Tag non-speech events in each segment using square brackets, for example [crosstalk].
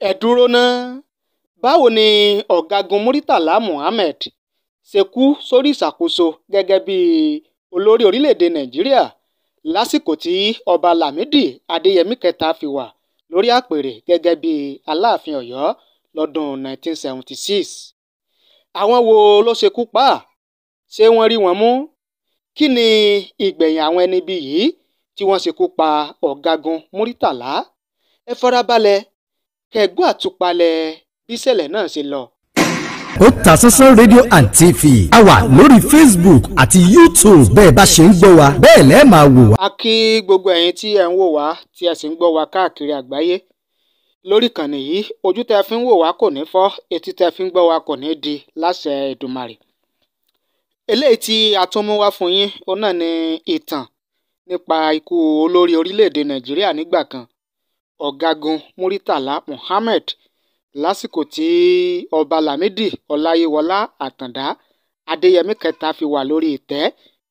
ẹ dúró ná báwo ni ọ̀gágun muritàlá muhammed ṣe kú sórí ìṣàkóso gẹ́gẹ́ bíi olórí orílẹ̀-èdè nàìjíríà lásìkò tí ọba lámìdí adéyẹmí kẹta fi wà lórí àpèrè gẹ́gẹ́ bíi aláàfin ọ̀yọ́ lọ́dún 1976 àwọn wo ló ṣekú pa ṣé wọ́n rí wọn mú kí ni ìgbẹ̀yìn àwọn ẹni bí yìí tí wọ́n ṣekú pa ọ̀gágun muritàlá ẹ farabalẹ̀ kẹgbọ́n àtúpalẹ̀ bí náà ṣe lọ. Otasansan rédíò and TV a wà lórí Facebook àti YouTube bẹ́ẹ̀ bá ṣe ń gbọ́ wa bẹ́ẹ̀ lẹ́ẹ̀ máa wò wá. a kí gbogbo ẹ̀yin tí ẹ̀ ń wò wá tí ẹ̀ sì ń gbọ́ wa káàkiri àgbáyé lórí ìkànnì yìí ojú tẹ́ fi ń wò wá kò ní fọ́ etí tẹ́ fi ń gbọ́ wa kò ní di láṣẹ Èdùmàrè eléyìí tí a tún mú wá fún yín òun náà ni ìtàn nípa ikú olórí orílẹ̀-èdè Nàìjíríà nígbà kan ọ̀gágun Muritala muhammed lásìkò tí ọba lámìdí ọláyíwọlá àtàndá adéyẹmí kẹta fi wà lórí ìtẹ́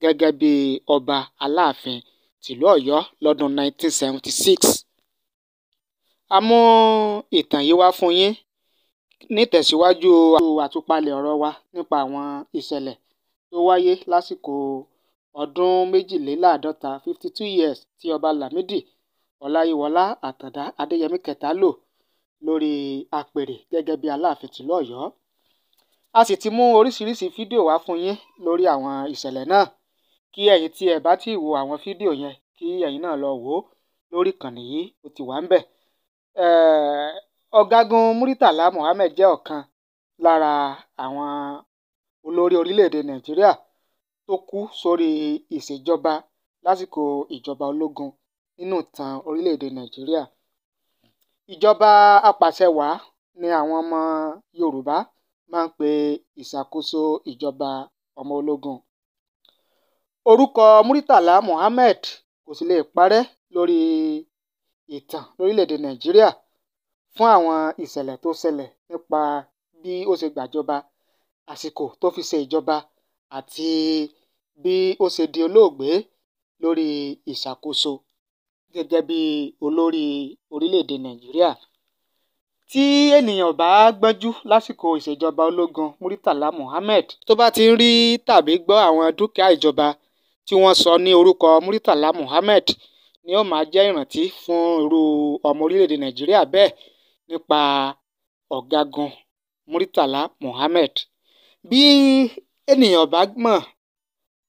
gẹ́gẹ́ bí ọba aláàfin tìlú ọ̀yọ́ lọ́dún 1976 a mú ìtàn yìí wá fún yín nítẹ̀síwájú àtúpalẹ̀ ọ̀rọ̀ wa nípa àwọn ìṣẹ̀lẹ̀ tó wáyé lásìkò ọdún méjìléláàádọ́ta fifty two years ti ọba lámìdí ọláyíwọlá àtàndá adéyẹmí kẹta lò lórí apèrè gẹ́gẹ́ bí aláàfin tìlú ọ̀yọ́ a sì ti mú oríṣiríṣi fídíò wá fún yín lórí àwọn ìṣẹ̀lẹ̀ náà kí ẹ̀yin tí ẹ bá ti wo àwọn fídíò yẹn kí ẹ̀yin náà lọ wò ó lórí ìkànnì yìí ó ti wà ń bẹ̀ ọ̀gágun muritàlá muhammed jẹ́ ọ̀kan lára àwọn olórí orílẹ̀ nàìjíríà tó kú sórí ìṣèjọba lásìkò ìjọba ológun nínú ìtàn orílẹ̀-èdè nàìjíríà ìjọba apàṣẹwàá ni àwọn ọmọ yorùbá máa ń pe ìṣàkóso ìjọba ọmọ ológun orúkọ muritàlá muhammed kò sì lè parẹ́ lórí ìtàn lórílẹ̀-èdè nàìjíríà fún àwọn ìṣẹ̀lẹ̀ tó ṣẹlẹ̀ nípa bí ó ṣe gbàjọba àsìkò tó fi ṣe ìjọba àti bí ó ṣe di olóògbé lórí ìṣàkóso gẹ́gẹ́ bí olórí orílẹ̀-èdè nàìjíríà tí ènìyàn bá gbọ́njú lásìkò ìṣèjọba ológun muritàlá muhammed tó bá ti ń rí tàbí gbọ́ àwọn dúkìá ìjọba tí wọ́n sọ ní orúkọ muritàlá muhammed ni ó máa jẹ́ ìrántí fún irú ọmọ orílẹ̀-èdè nàìjíríà bẹ́ẹ̀ nípa ọ̀gágun muritàlá muhammed bí ènìyàn bá mọ̀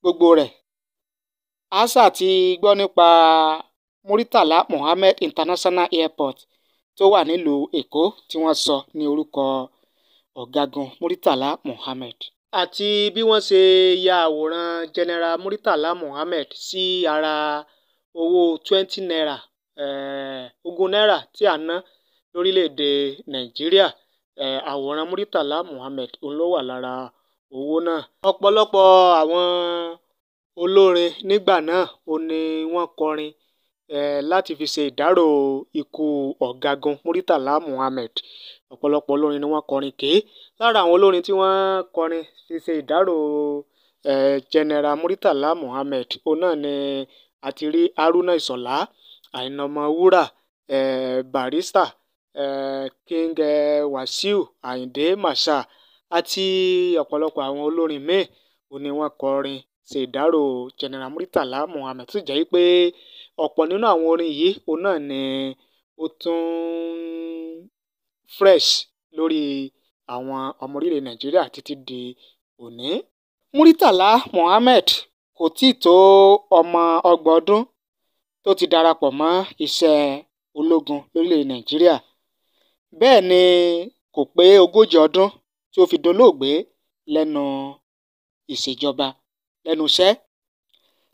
gbogbo rẹ̀ àṣà ti gbọ́ nípa muritàlá Mohammed international airport tó wà nílùú èkó tí wọ́n sọ ní orúkọ ọ̀gágun muritàlá muhammed. àti bí wọ́n ṣe ya àwòrán general muritàlá Mohammed, sí si ara owó twenty naira eh, ogún náírà tí a ná lórílẹ̀‐èdè nàìjíríà eh, àwòrán muritàlá Mohammed. òun ló wà lára owó náà. ọ̀pọ̀lọpọ̀ àwọn olórin nígbà náà ó ní wọ́n kọrin láti fi ṣe ìdárò ikú ọ̀gágun Muritàlá Muhammed ọ̀pọ̀lọpọ̀ olórin ni wọ́n kọrin ké lára àwọn olórin tí wọ́n kọrin fi ṣe ìdárò General Muritàlá Muhammed òun náà ni àti rí Haruna Ìṣọ̀lá Àìná Ọmọwúrà Barrister King Wasiu Ayinde Marshal àti ọ̀pọ̀lọpọ̀ àwọn olórin míì òun ni wọ́n kọrin ṣe ìdárò General Muritàlá Muhammed tó jẹ́ pé Ọ̀pọ̀ nínú àwọn orin yìí, òun náà ni ó tún fresh lórí àwọn ọmọ orílẹ̀ Nàìjíríà títí di òní. Muritala Muhammed kò tíì tó ọmọ ọgbọ̀n ọdún tó ti darapọ̀ mọ́ iṣẹ́ ológun lórílẹ̀ Nàìjíríà. Bẹ́ẹ̀ ni kò pé ogójì ọdún tí ó fi dolóògbé lẹ́nu ìṣèjọba, lẹ́nu iṣẹ́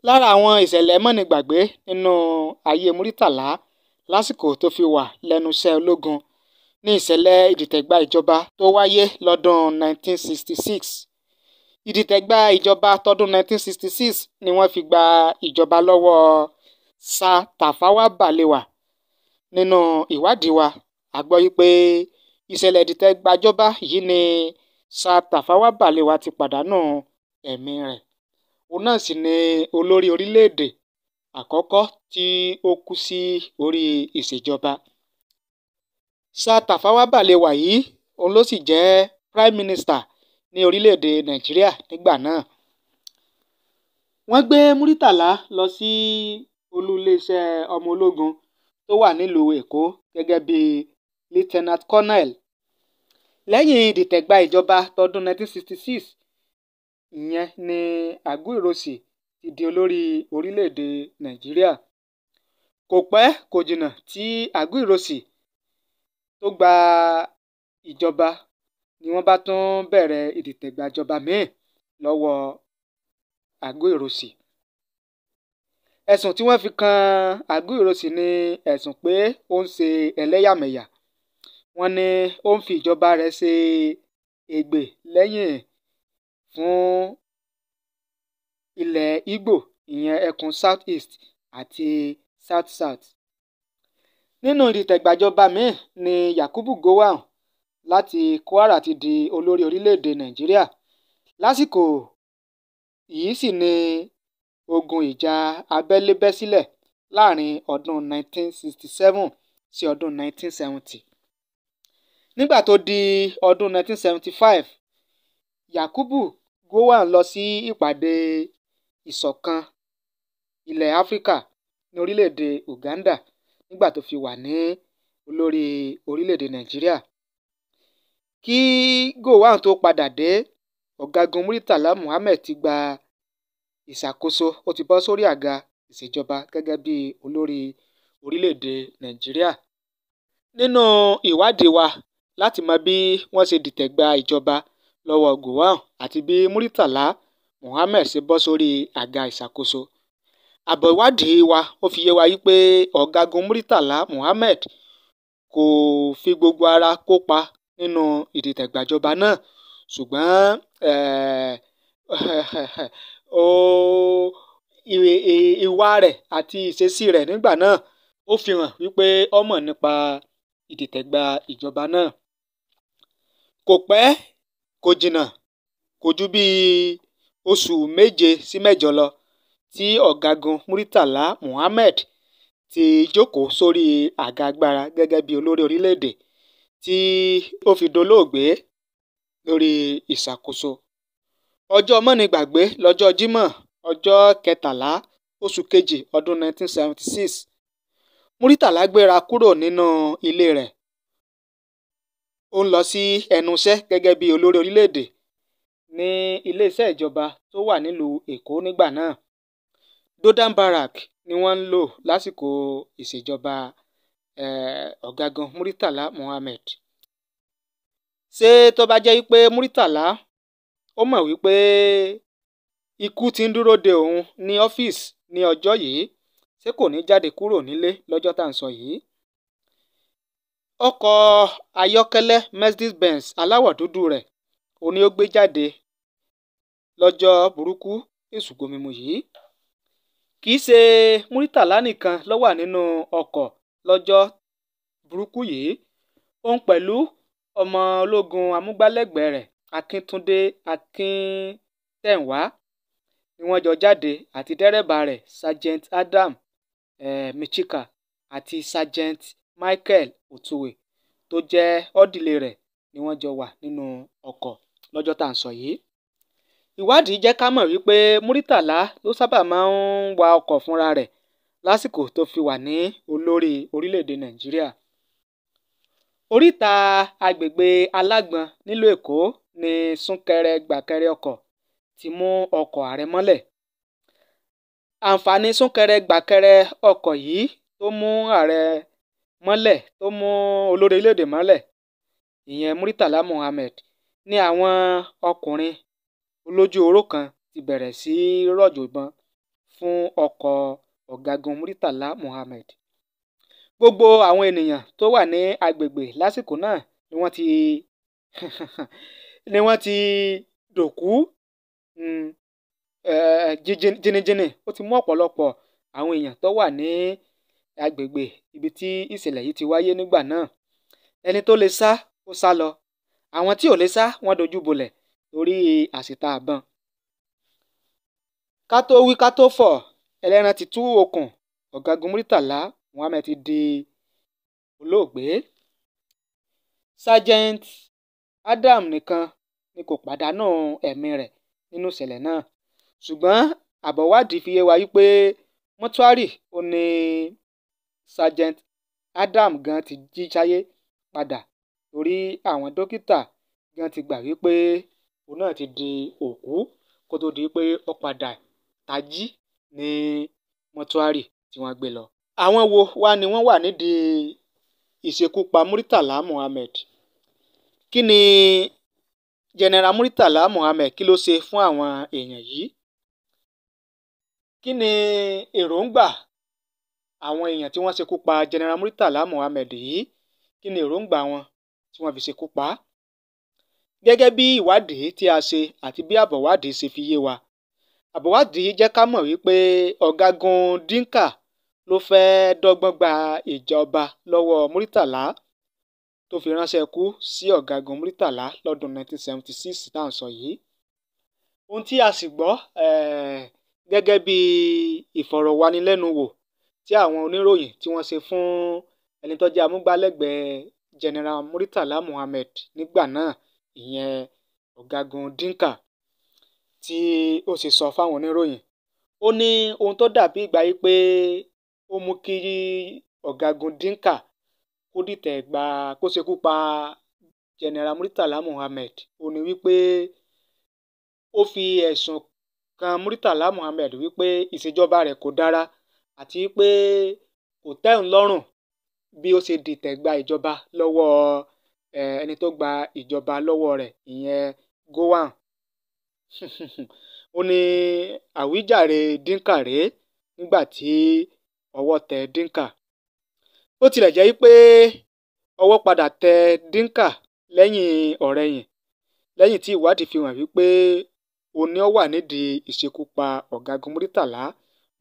lára àwọn ìṣẹ̀lẹ̀ mọ́nigbàgbé nínú ayé muritàlá lásìkò tó fi wà lẹ́nu iṣẹ́ ológun ní ìṣẹ̀lẹ̀ ìdìtẹ̀gbà ìjọba tó wáyé lọ́dún 1966 ìdìtẹ̀gbà ìjọba tọdún 1966 ni wọ́n fi gba ìjọba lọ́wọ́ Sir Tafawa Balewa nínú ìwádìí wa a gbọ́ wípé ìṣẹ̀lẹ̀ ìdìtẹ̀gbàjọba yìí ni sa Tafawa Balewa ti pàdánù ẹ̀mí rẹ̀ òun náà sì ni olórí orílẹ̀-èdè àkọ́kọ́ tí ó kú sí orí ìṣèjọba Sir Tafawa Balewa yìí òun ló sì jẹ́ prime minister ní orílẹ̀-èdè Nàìjíríà nígbà náà wọ́n gbé Muritàlá lọ sí olú iléeṣẹ́ ọmọ ológun tó wà nílùú Èkó gẹ́gẹ́ bí lieutenant colonel lẹ́yìn dìtẹ̀gbà ìjọba tọdún 1966 ìyẹn ni Aguiyi-Ironsi ti di olórí orílẹ̀-èdè Nàìjíríà. Kò pẹ́ kò jìnnà tí Aguiyi-Ironsi tó gba ìjọba ni wọ́n bá tún bẹ̀rẹ̀ ìdìtẹ̀gbàjọba míì lọ́wọ́ Aguiyi-Ironsi. Ẹ̀sùn tí wọ́n fi kan Aguiyi-Ironsi ni ẹ̀sùn pé ó ń ṣe ẹlẹ́yàmẹ̀yà. Wọ́n ní ó ń fi ìjọba rẹ̀ ṣe ègbè lẹ́yìn fún ilẹ̀ Igbo ìyẹn ẹkùn South-East àti South-South. Nínú ìdìtẹ̀gbàjọba míì ni Yakubu Gowon láti Kwara ti di olórí orílẹ̀-èdè Nàìjíríà lásìkò yìí sì ni ogun ìjà abẹ́lé bẹ́ sílẹ̀ láàrin ọdún 1967 sí ọdún 1970. Nígbà tó di ọdún 1975 Yakubu Gowon lọ sí Ìpàdé Ìṣọ̀kan Ilẹ̀ Áfíríkà ní orílẹ̀-èdè Uganda nígbà tó fi wà ní olórí orílẹ̀-èdè Nàìjíríà. Kí Gowon tó padà dé, Ọ̀gágun Murtala Mohammed ti gba ìṣàkóso, ó ti bọ́ sórí àga ìṣèjọba gẹ́gẹ́ bí olórí orílẹ̀-èdè Nàìjíríà. Nínú ìwádìí wa láti mọ bí wọ́n ṣe dìtẹ̀ gba ìjọba lọ́wọ́ gowon àti bí muritàlá muhammed ṣe bọ́ sórí àga ìṣàkóso àbọ̀ ìwádìí wa ó fi yé wa yí pé ọ̀gágun muritàlá muhammed kò fi gbogbo ara kópa nínú ìdìtẹ̀gbàjọba náà ṣùgbọ́n eh, [laughs] ìwà rẹ̀ àti ìṣesí rẹ̀ nígbà náà ó fi hàn wípé ó mọ̀ nípa ìdìtẹ̀gbà ìjọba náà kò pẹ́ kò jìnnà kò ju bíi oṣù méje sí mẹ́jọ lọ tí ọ̀gágun muritàlá muhammed ti jókòó sórí àga agbára gẹ́gẹ́ bíi olórí orílẹ̀-èdè tí ó fi dolóògbé lórí ìṣàkóso ọjọ́ mọ́nigbàgbé lọ́jọ́ jímọ̀ ọjọ́ kẹtàlá oṣù kejì ọdún 1976 muritàlá gbéra kúrò nínú ilé rẹ̀ ó ń lọ sí ẹnu iṣẹ́ gẹ́gẹ́ bí olórí orílẹ̀-èdè ní iléeṣẹ́ ìjọba tó wà nílùú èkó nígbà náà dodan barak ni wọ́n ń lò lásìkò ìṣèjọba ọ̀gágun muritala muhammed ṣé tó bá jẹ́ wípé muritala ó mọ̀ wípé ikú ti ń dúró de òun ní ọ́fíìsì ní ọjọ́ yìí ṣé kò ní jáde kúrò nílé lọ́jọ́ tá à ń sọ yìí ọkọ̀ ayọ́kẹ́lẹ́ mercedes benz aláwọ̀ dúdú rẹ̀ òun ni ó gbé jáde lọ́jọ́ burúkú èṣù gomimu yìí kì í ṣe muritàlá nìkan ló wà nínú ọkọ̀ lọ́jọ́ burúkú yìí òun pẹ̀lú ọmọ ológun amúgbálẹ́gbẹ̀ẹ́ rẹ̀ akíntúndé akíntẹ̀wá ni wọ́n jọ jáde àti dẹ́rẹ́bà rẹ̀ sergeant adam eh, michika àti sergeant michael ọ̀túnwé tó jẹ́ òdìlé rẹ̀ ni wọ́n jọ wà nínú ọkọ̀ lọ́jọ́ tá à ń sọ yìí ìwádìí jẹ́ ká mọ̀ wípé muritàlá ló sábà máa ń wa ọkọ̀ fúnra rẹ̀ lásìkò tó fi wà ní olórí orílẹ̀-èdè nàìjíríà oríta agbègbè alágbọ̀n nílùú èkó ni súnkẹrẹ gbàkẹrẹ ọkọ̀ ti mú ọkọ̀ ààrẹ mọ́lẹ̀ àǹfààní súnkẹrẹ gbàkẹrẹ ọkọ̀ yìí tó mú ààrẹ mọ́lẹ̀ tó mú olórí orílẹ̀-èdè mọ́lẹ̀ ìyẹn Muritala Muhammed ni àwọn ọkùnrin olójú oró kan ti bẹ̀rẹ̀ sí í rọ̀jò ìbọn fún ọkọ̀ ọ̀gágun Muritala Muhammed gbogbo àwọn ènìyàn tó wà ní agbègbè lásìkò náà ni wọ́n ti [laughs] ni wọ́n ti dòkú hmm, eh, jìnnìjìnnì ó ti mú ọ̀pọ̀lọpọ̀ àwọn èèyàn tó wà ní àgbègbè ibi tí ìṣẹ̀lẹ̀ yìí ti wáyé nígbà náà ẹni tó lè sá ó sá lọ àwọn tí ò lè sá wọ́n dojú bolẹ̀ torí àsìta àbọn ká tó wí ká tó fọ̀ ẹlẹ́ran ti tú okùn ọ̀gágun Murtala Muhammed ti di olóògbé Sergeant Adam nìkan ni kò pàdánù ẹ̀mí rẹ̀ nínú ìṣẹ̀lẹ̀ náà ṣùgbọ́n àbọ̀wádìí fi yé wa wípé mọ́túárì ò ní sergeant adam gan ti jí sáyé padà torí àwọn dókítà gan ti gbà wípé òun náà ti di òkú kó tó di pé ó padà tají ní mọ́túárì tí wọ́n gbé lọ. àwọn wo wá ni wọ́n wà nídìí ìṣekú pa muritàlá muhammed kí ni general muritàlá muhammed kí ló ṣe fún àwọn èèyàn yìí kí ni èròǹgbà àwọn èèyàn tí wọ́n ṣekú pa general Muritala Muhammed yìí kí ni èròǹgbà wọn tí wọ́n fi ṣekú pa á. gẹ́gẹ́ bí ìwádìí tí a ṣe àti bí àbọ̀wádìí ṣe fi yé wa àbọ̀wádìí jẹ́ ká mọ̀ wípé ọ̀gágun Dinka ló fẹ́ẹ́ dọ́gbọ́n gba ìjọba lọ́wọ́ Muritala tó fi ránṣẹ́ kú sí ọ̀gágun Muritala lọ́dún 1976 tá à ń sọ yìí ohun tí a sì gbọ́ eh, gẹ́gẹ́ bí ìfọ̀rọ̀wánilẹ́nuwò tí àwọn oníròyìn tí wọ́n ṣe fún ẹni tó jẹ́ amúgbálẹ́gbẹ̀ẹ́ general muritala muhammed nígbà náà ìyẹn ọ̀gágun dinka tí ó sì sọ fáwọn oníròyìn ó ní ohun tó dàbí ìgbà yìí pé ó mú kí ọ̀gágun dinka kó dìtẹ̀ gba kó ṣekú pa general muritala muhammed ó ní wípé ó fi ẹ̀sùn kan muritala muhammed wípé ìṣèjọba rẹ̀ kò dára àti pé kò tẹ́ òun lọ́rùn bí ó ṣe dìtẹ̀ gba ìjọba lọ́wọ́ ẹni tó gba ìjọba lọ́wọ́ rẹ̀ ìyẹn Gowon [laughs] ó ní àwíjàre Dinka rèé nígbà tí ọwọ́ tẹ Dinka bó tilẹ̀ jẹ́ pé ọwọ́ padà tẹ Dinka lẹ́yìn ọ̀rẹyìn lẹ́yìn tí ìwádìí fi hàn wípé òun ni ó wà nídìí ìṣekúpa ọ̀gágun Murtala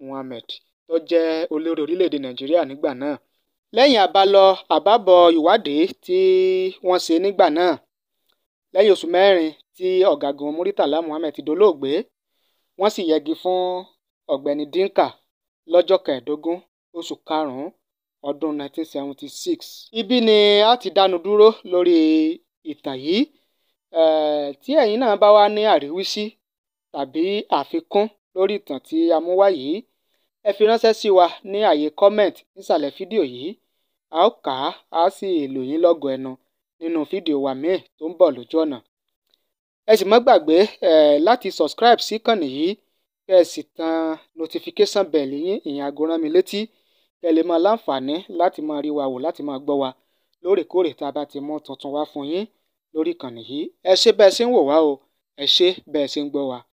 Muhammed tó jẹ́ olórí orílẹ̀-èdè nàìjíríà nígbà náà lẹ́yìn àbálọ àbábọ̀ ìwádìí tí wọ́n ṣe nígbà náà lẹ́yìn oṣù mẹ́rin tí ọ̀gágun muritàlá muhammed ti dolóògbé wọ́n sì yẹgi fún ọ̀gbẹ́ni dínkà lọ́jọ́ kẹẹ̀ẹ́dógún oṣù karùn-ún ọdún 1976. ibí ni a ti dánu dúró lórí ìtàn yìí um tí ẹ̀yin náà bá wá ní àríwísí tàbí àfikún lórí ìtàn tí a mú wá yìí ẹ fi ránṣẹ́ sí wa ní àyè comment nísàlẹ̀ fídíò yìí a ó kà á a sì lò yín lọ́gọ̀ọ́ ẹnu nínú fídíò wa míì tó ń bọ̀ lójú ọ̀nà ẹ sì má gbàgbé láti subscribe sí kànnì yìí kẹ́ ẹ sì tan notification bell yín ìyẹn aago rán mi létí kẹ́ ẹ lè máa láǹfààní láti máa rí wa wò láti máa gbọ́ wa lóòrèkóòrè tá a bá ti mú tuntun wá fún yín lórí ìkànnì yìí ẹ ṣé bẹ́ẹ̀ ṣe ń wò wá o ẹ ṣé bẹ́ẹ̀ ṣe ń gbọ́ wa.